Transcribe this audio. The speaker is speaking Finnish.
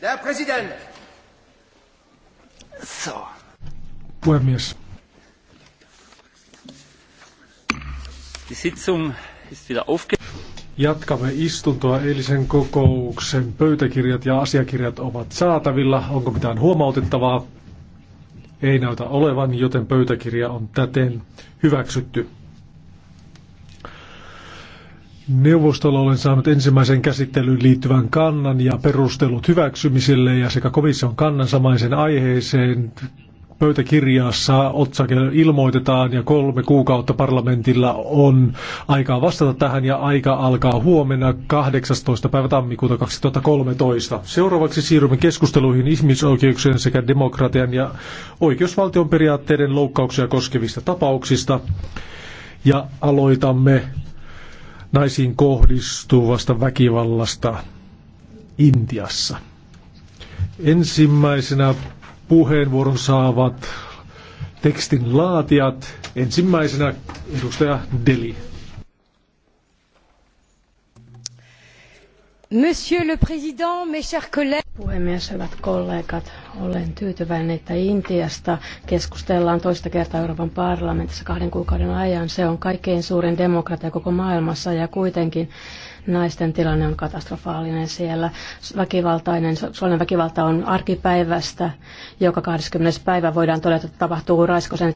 Der So. Puhemies. Die Sitzung ist wieder aufge... Jatkamme istuntoa. Eilisen kokouksen pöytäkirjat ja asiakirjat ovat saatavilla. Onko mitään huomautettavaa? Ei näytä olevan, joten pöytäkirja on täten hyväksytty. Neuvostolla olen saanut ensimmäisen käsittelyyn liittyvän kannan ja perustelut hyväksymiselle ja sekä komission kannan samaisen aiheeseen pöytäkirjassa otsake ilmoitetaan ja kolme kuukautta parlamentilla on aikaa vastata tähän ja aika alkaa huomenna 18. päivä tammikuuta 2013. Seuraavaksi siirrymme keskusteluihin ihmisoikeuksien sekä demokratian ja oikeusvaltion periaatteiden loukkauksia koskevista tapauksista ja aloitamme naisiin kohdistuvasta väkivallasta Intiassa. Ensimmäisenä puheenvuoron saavat tekstin laatijat. Ensimmäisenä edustaja Deli. Monsieur le Président, mes chers collègues. Puhemies, hyvät kollegat, olen tyytyväinen, että Intiasta keskustellaan toista kertaa Euroopan parlamentissa kahden kuukauden ajan. Se on kaikkein suurin demokratia koko maailmassa ja kuitenkin naisten tilanne on katastrofaalinen siellä. Väkivaltainen, suolen väkivalta on arkipäivästä, joka 20. päivä voidaan todeta, että tapahtuu raiskosen